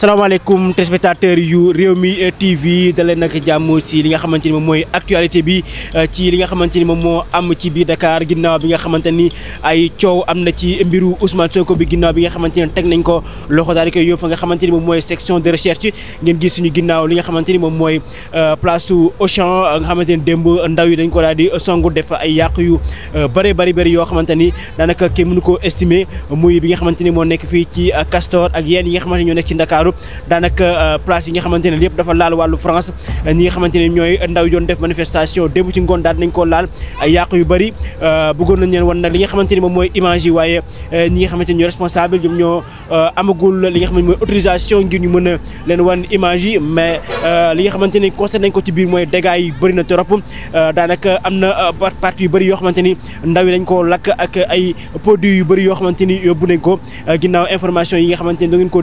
salaamaaleykum téléspectateurs yu réew mi TV dalee nag jàmm ci li nga xamante ni moom mooy actualité bi ci li nga xamante ni moom moo am ci biir Dakar ginnaaw bi nga xamante ni ay coow am na ci mbiru Ousmane Sonko bi ginnaaw bi nga xamante ni teg nañ ko loxo daal di koy yóbbu nga xamante ni moom mooy section de recherche ngeen gis suñu ginnaaw li nga xamante ni moom mooy place su Auchan nga xamante ni démb ndaw yi dañ ko daal di songu def ay yàq yu bëri bëri bëri yoo xamante ni daanaka kenn mënu ko estimer muy bi nga xamante ni moo nekk fii ci Castor ak yenn yi nga xamante ni ci Dakar Ndakaaru daanaka euh, place yi nga xamante ne lépp dafa laal wàllu France ñi nga xamante ne ñooy ndaw yoon def manifestation démb ci ngoon daal nañ laal yàqu yu bëri euh, bëggoon nañ leen wan nag li nga xamante ne moom mooy image yi waaye euh, ñi nga a mais li nga xamante ne constaté ko ci biir mooy dégâts yi bëri na trop daanaka am na parti yu bëri yoo xamante ndaw yi dañ koo lakk ak ay produits yu bëri yoo xamante yóbbu nañ ko ginnaaw information yi nga xamante ni ngeen ko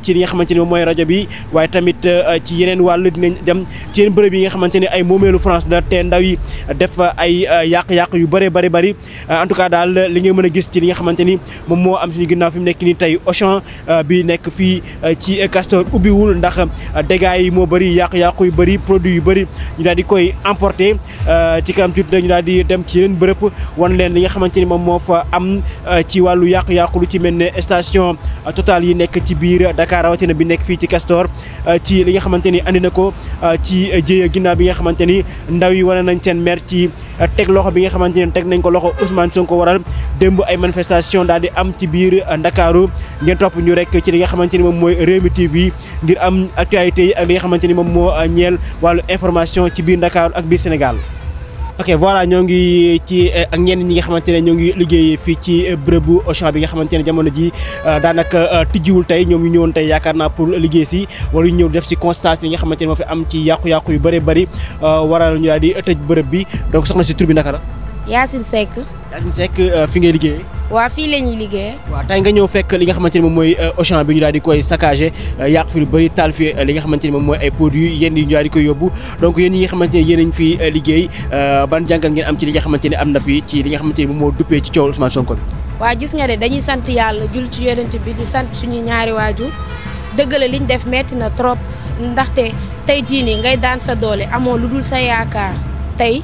ci li nga xamante ni moom mooy rajo bi waaye tamit euh, ci yeneen wàll dinañ dem ci yeneen bërëb yi nga xamante ni ay moomeelu France la te ndaw yi def ay euh, yàq-yàq yu bëree bëri bëri euh, en tout cas daal li ngay mën a gis ci li nga xamante ni moom moo am suñu ginnaaw fi mu nekk ni tey Auchan bi nekk fii ci Castor ubbiwul ndax dégâts yi moo bëri yàq-yàqu yu bëri produit yu bëri ñu di koy emporter ci kanam tuuti ñu daal di dem ci yeneen bërëb wan leen li nga xamante ni moom moo fa am ci wàllu yàq yàqu lu ci mel ne station Total yi nekk ci biir Dakar rawatina bi nekk fii ci Castor euh, ci li nga xamante ni andi na ko euh, ci jéeya ginnaaw bi nga xamante ni ndaw yi wane nañ seen maire ci euh, teg loxo bi nga xamante ni teg nañ ko loxo Ousmane Sonko waral démb ay manifestation daal di am ci biir Ndakaaru ngeen topp ñu rek ci li nga xamante ni moom mooy Rewmi TV ngir am actualité yi ak li nga xamante ni moom moo ñeel wàllu information ci biir Ndakaaru ak biir Sénégal ok voilà ñoo ngi ci eh, ak ñenn ñi nga xamante ne ñoo ngi liggéey fii ci eh, bu Auchan bi nga xamante ne jamono ji eh, daanaka tijjiwul tey ñoom ñu ñëwoon tey yaakaar naa pour liggéey si wala ñu ñëw def si constance yi nga xamante ne moo fi am ci yàqu-yàqu yu bëree bëri waral ñu daal di tëj bërëb bi donc soxna si tur bi naka la yaa si Yacine Seck euh, fi ngay liggéeyee. waa fii la ñuy liggéeyee. waaw tey nga ñëw fekk li nga xamante ni moom mooy euh, Auchan bi ñu daal di koy saccagé euh, yàq fi lu bëri taal fi li nga xamante ni moom mooy ay produits yenn yi ñu daal di koy yóbbu donc yéen ñi nga xamante ni yéen a ngi liggéey ban jàngat ngeen am ci li nga xamante ni am na fi ci li nga xamante ni moom moo duppee ci coow Ousmane Sonko bi. waaw gis nga ne dañuy sant yàlla jul ci yonent bi di sant suñuy ñaari waajur dëgg la liñ def metti na trop ndaxte tey jii nii ngay daan sa doole amoo lu dul sa yaakaar tey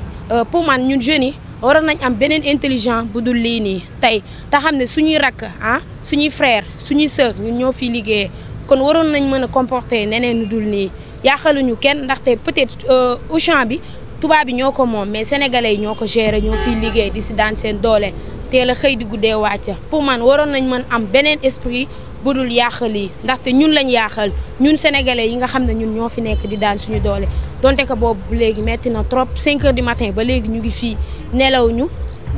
pour ñu ñun jeunes yi waroon nañ am beneen intelligent bu dul lii nii tey te xam ne suñuy rakk ah suñuy frère suñuy sœur ñun ñoo fiy liggéeyee kon waroon nañ mën a comporter neneen lu dul nii yàqaluñu kenn ndaxte peut-être euh, Auchan bi tubaab bi ñoo ko moom mais sénégalais yi ñoo ko gérer ñoo fiy liggéey di si daan seen doole teel a xëy di guddee wàcca pour man waroon nañ mën am beneen esprit bu dul yàqal yi ndaxte ñun lañ yàqal ñun sénégalais yi nga xam ne ñun ñoo fi nekk di daan suñu doolee donte que boobu léegi metti na trop 5 heures du matin ba léegi ñu ngi fii nelaw ñu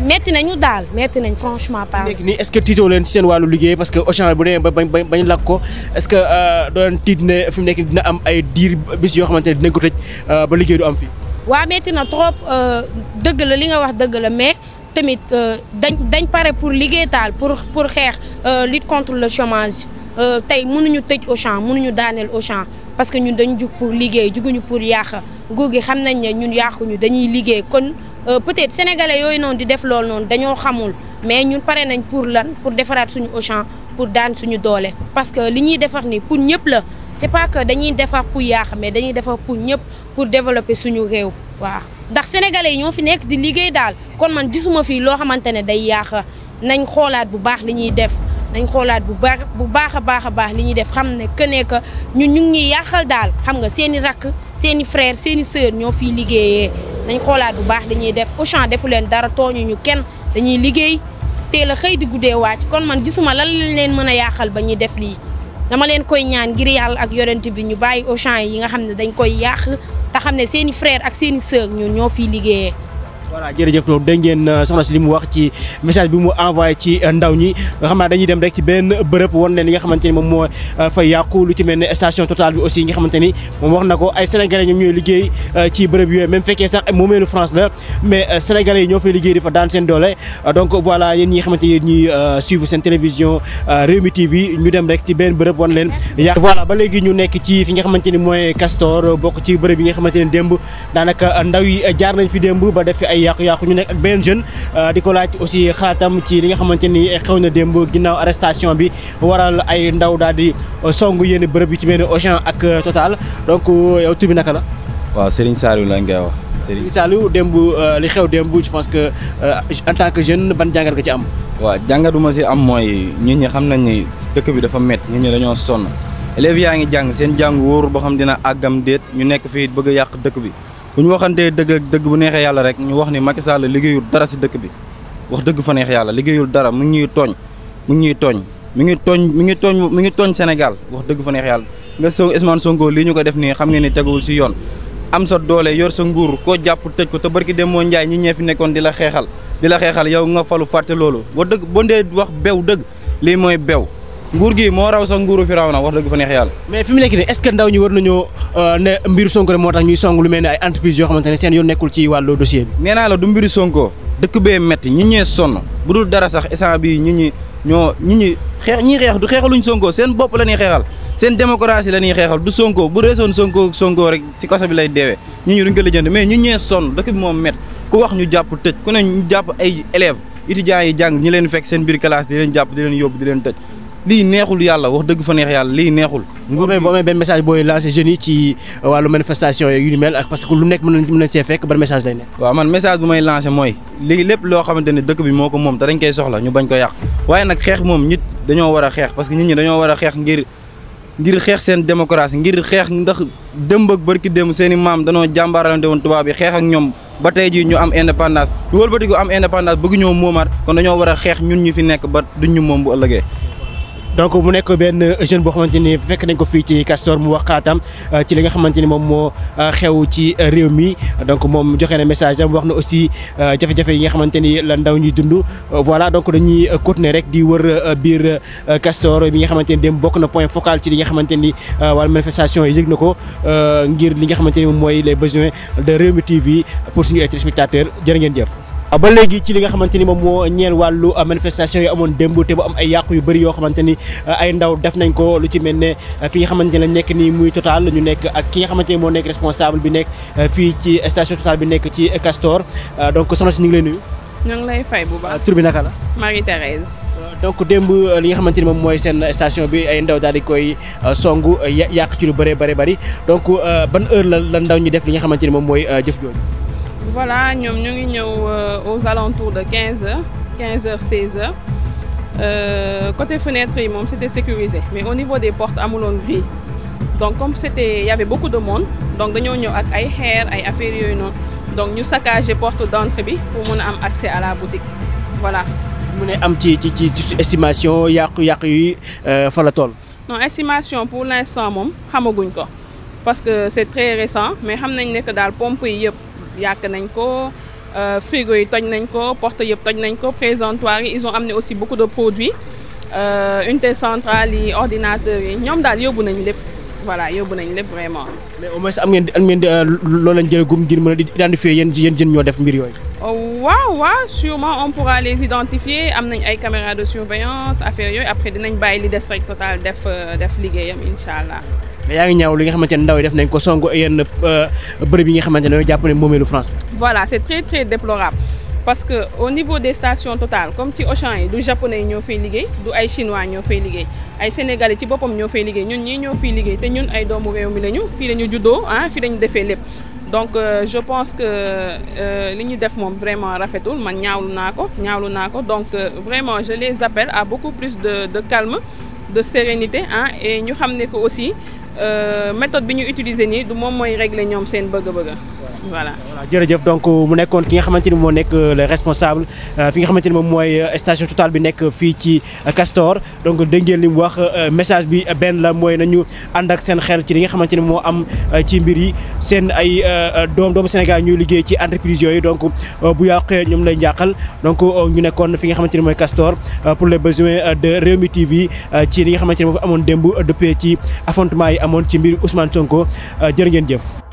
metti nañu daal metti nañ franchement par nii est-ce que tiitoo leen ci seen wàllu liggéey parce que Auchan bu demee ba bañ bañ lakk ko est-ce que euh, doo leen tiit ne fi mu nekk dina am ay diir bis yoo xamante ne dinañ ko tëj euh, ba liggéey du am fii. waaw metti na trop euh, dëgg la li nga wax dëgg la mais. tamit euh, dañ dañ pare pour liggéey taal pour pour xeex euh, lutte contre le chômage euh, tey mënuñu tëj Auchan munuñu daaneel au Auchan parce que ñun dañu jug pour liggéey juguñu pour yàq nguur xam nañ ne ñun yaaxuñu dañuy liggéey kon peut-être sénégalais yooyu noonu di def loolu noonu dañoo xamul mais ñun pare nañ pour lan pour defaraat suñu Auchan pour daan suñu doole parce que li ñuy defar ni pour ñëpp la. c'est pas que dañuy defar pour yaax mais dañuy defar pour ñëpp pour développer suñu réew waaw ndax sénégalais ñoo fi nekk di liggéey daal kon man gisuma fii loo xamante ne day yaax nañ xoolaat bu baax li def nañ xoolaat bu baax bu baax a baax a baax li ñuy def xam ne que ne que ñun ñu ngi yàqal daal xam nga seen i rakk seen i seen i sœur ñoo fiy liggéeyee nañ xoolaat bu baax li ñuy def Auchan defu leen dara tooñu kenn dañuy liggéey teel a xëy di guddee kon man gisuma lan lañ leen mën a yaaxal ba ñuy def lii. dama leen koy ñaan ngir yàlla ak yonent bi ñu bàyyi Auchan yi nga xam ne dañ koy yàq te xam ne seeni i frère ak seen i sœur ñun ñoo fiy liggéeyee voilà jërëjëf toog dégg ngeen euh, soxna si li mu wax ci message bi mu envoyé ci euh, ndaw ñi nga xam dañuy dem rek ci benn bërëb wan leen li nga xamante ni moom mooy euh, fay yàqu lu ci mel ne station Total bi aussi nga xamante ni moom wax na ko ay sénégalais ñoom ñooy liggéey ci bërëb yooyu même fekkee sax moomeelu France la mais sénégalais yi ñoo fay liggéey di fa daan seen doole donc voilà yéen ñi nga xamante yéen ñuy suivre seen télévision Rewmi TV ñu dem rek ci benn bërëb wan leen yàq voilà ba léegi ñu nekk ci fi nga xamante ni mooy Castor bokk ci bërëb yi nga xamante ni démb daanaka ndaw yi jaar nañ fi démb ba def fi ay yàqu-yàqu ñu nekk ak benn jeune euh, di ko laaj aussi xalaatam ci li nga xamante ni xew na démb ginnaaw arrestation bi waral ay ndaw daal di euh, song yenn bërëb yu ci mel ni Auchan ak euh, Total donc yow tur bi naka la. waaw Serigne Saliou la ngay wax. Serigne Saliou démb li xew démb je pense que en tant que jeune ban jàngat nga ci am. waaw jàngatuma si am mooy nit ñi xam nañ ni dëkk bi dafa métti nit ñi dañoo sonn élèves yaa ngi jàng seen jàng wóor boo xam dina àggam déet ñu nekk fii bëgg yàq dëkk bi. ku ñu waxantee dëgg ak dëgg bu neexee yàlla rek ñu wax ni Macky Sall liggéeyul dara si dëkk bi wax dëgg fa neex yàlla liggéeyul dara mu ngi ñuy tooñ mu ngi ñuy tooñ mu ngi tooñ mi ngi tooñ mi ngi tooñ Sénégal wax dëgg fa neex yàlla nga so Ousmane Sonko lii ñu ko def nii xam ngeen ni teguwul si yoon am sa doole yor sa nguur koo jàpp tëj ko te barki dem moo njaay ñi ñee fi nekkoon di la xeexal di la xeexal yow nga falu fàtte loolu boo dëgg boo ndee wax bew dëgg lii mooy bew nguur gi moo raw sax nguuru Firawna wax dëgg fa neex yàlla mais fi mu nekk nii est-ce que ndaw ñi war nañoo euh, ne mbiru Sonko moo tax ñuy song lu mel ne ay entreprise yoo xamante ne seen yoon nekkul ci wàllu dossier bi nee du mbiru Sonko dëkk bee métti ñi ñee sonn bu dul dara sax instant bi ñi ñi ñoo ñi ñi xeex ñii xeex du xeexaluñ Sonko seen bopp la ñuy xeexal seen démocratie la ñuy xeexal du Sonko bu reesoon Sonko Sonko rek ci kaso bi lay deewee ñi ñu duñ ko lijjanti mais ñi ñee sonn dëkk bi moom métti ku wax jàpp tëj ku ne yi jàng ñi leen fekk seen biir classe di jàpp di leen yóbbu di leen tëj lii neexul yàlla wax dëgg fa neex yàlla lii neexul. nguur boo amee benn message booy lancé jeunes yi ci euh, wàllu manifestation yu ni mel ak parce que lu nekk mën nañ see fekk ban message lay nekk. waaw bu may lancé mooy léegi lépp loo xamante ne dëkk bi moo ko moom te dañ koy soxla ñu bañ ko yàq waaye nag xeex moom nit dañoo war a xeex parce que nit ñi dañoo war a xeex ngir ngir xeex seen démocratie ngir xeex ndax dëmb ak barki démb seen i maam danoo jàmbaaralante woon tubaab bi xeex ak ñoom ba tey jii ñu am indépendance ñu wëlbatiku am indépendance bëgg moomaat kon dañoo war a xeex ñun ñu fi nekk ba duñ ñu moom bu ëllëgee donc mu nekk benn jeune boo xamante ni fekk nañ ko fii ci Castor mu wax xalaatam euh, ci li nga xamante ni moom moo euh, xew ci euh, réew mi donc moom joxe na message am wax na aussi jafe-jafe yi nga xamante ni la ndaw ñuy dund voilà donc dañuy continuer rek di wër biir Castor bi nga xamante ni dem bokk na point focal ci li nga xamante ni wala manifestation yi yëg na ko ngir li nga xamante ni moom mooy les besoins de Rewmi TV pour suñu ay téléspectateurs jërë ngeen jëf Ah, ba léegi ci li nga xamante ni moom moo ñeel wàllu ah, manifestation yi amoon démb te bu am ay yàqu yu bëri yoo xamante ni ah, ay ndaw def nañ ko lu ci mel ne fi nga xamante ne lañ nekk nii muy total ñu nekk ak ki nga xamante ni moo nekk bi nekk fii ci station total bi nekk ci Castor donc soxna si ñu ngi lay nuyu. ñu ngi lay fay bu baax tur bi naka la. Marie Thérèse. donc démb li nga xamante ni moom mooy seen station bi ay ndaw daal di koy songu yàq ci lu bëree bëri bari donc ban heure la la ndaw ñu def li nga xamante ni moom mooy jëf jooju. voilà ñoom ñu ngi ñëw euh, aux alentours de 15 heures 15 heures 16 heures euh, côté fenêtre yi moom c'était sécurisé mais au niveau des portes amuloon grille donc comme c'était il y avait beaucoup de monde donc dañoo ñëw ak ay xeer ay affaire yooyu noonu donc ñu saccagé porte d'entrée bi pour mun a am accès à la boutique voilà. mu ne am ci ci ci juste estimation yàqu-yàqu yi euh, fala tool toll. non estimation pour l'instant moom xamaguñ ko parce que c'est très récent mais xam nañ ne que daal pompe yi yëpp. yàkk nañ ko euh, frigo yi toj nañ ko porte yëpp toj nañ ko présentoir yi ils ont amené aussi beaucoup de produits euh, unité centrale yi ordinateur yi ñoom daal yóbbu nañ lépp voilà yóbbu nañ lépp vraiment. mais au moins am ngeen am ngeen euh, loo leen jëlee gum ngir mën a identifier yéen yéen jën ñoo def mbir yooyu. Oh, waaw waaw sûrement on pourra les identifier am nañ ay caméras de surveillance affaire yooyu après dinañ bàyyi li des rek total def def liggéeyam incha allah. yaa ngi ñaaw li nga xamante ne ndaw yi def nañ ko song yenn euh, bërëb yi nga xamante ne dañoo jàpp ne moomeelu France voilà c'est très très déplorable parce que au niveau des stations Total comme ci Auchan yi du japonais yi ñoo fay liggéey du ay chinois ñoo fay liggéey ay sénégalais ci boppam ñoo fay liggéey ñun ñii ñoo fiy liggéey te ñun ay doomu réew mi lañu fii lañu juddoo ah fii lañu defee lépp donc euh, je pense que euh, li ñu def moom vraiment rafetul man ñaawlu naa ko ñaawlu naa ko donc vraiment je les appelle à beaucoup plus de de calme de sérénité ah et ñu xam ne que aussi. Euh, méthode bi ñu utiliser nii du moom mooy régler ñoom seen bëgg-bëgg. voilà jërëjëf donc mu nekkoon ki nga xamante ni moo nekk euh, le responsable euh, fi nga xamante ni moom mooy euh, station Total bi nekk fii ci Castor donc dégg ngeen li mu wax message bi benn la mooy nañu ànd ak seen xel ci li nga xamante ni moo am ci mbir yi seen ay doom doomu Sénégal ñuy liggéey ci entreprise yooyu donc bu yàqee ñoom lay njàqal donc ñu nekkoon fi nga xamante ni mooy Castor pour les besoins de Rewmi TV ci li nga xamante ni moo amoon démb dëppee ci affrontement yi amoon ci mbir Ousmane Sonko jërë ngeen jëf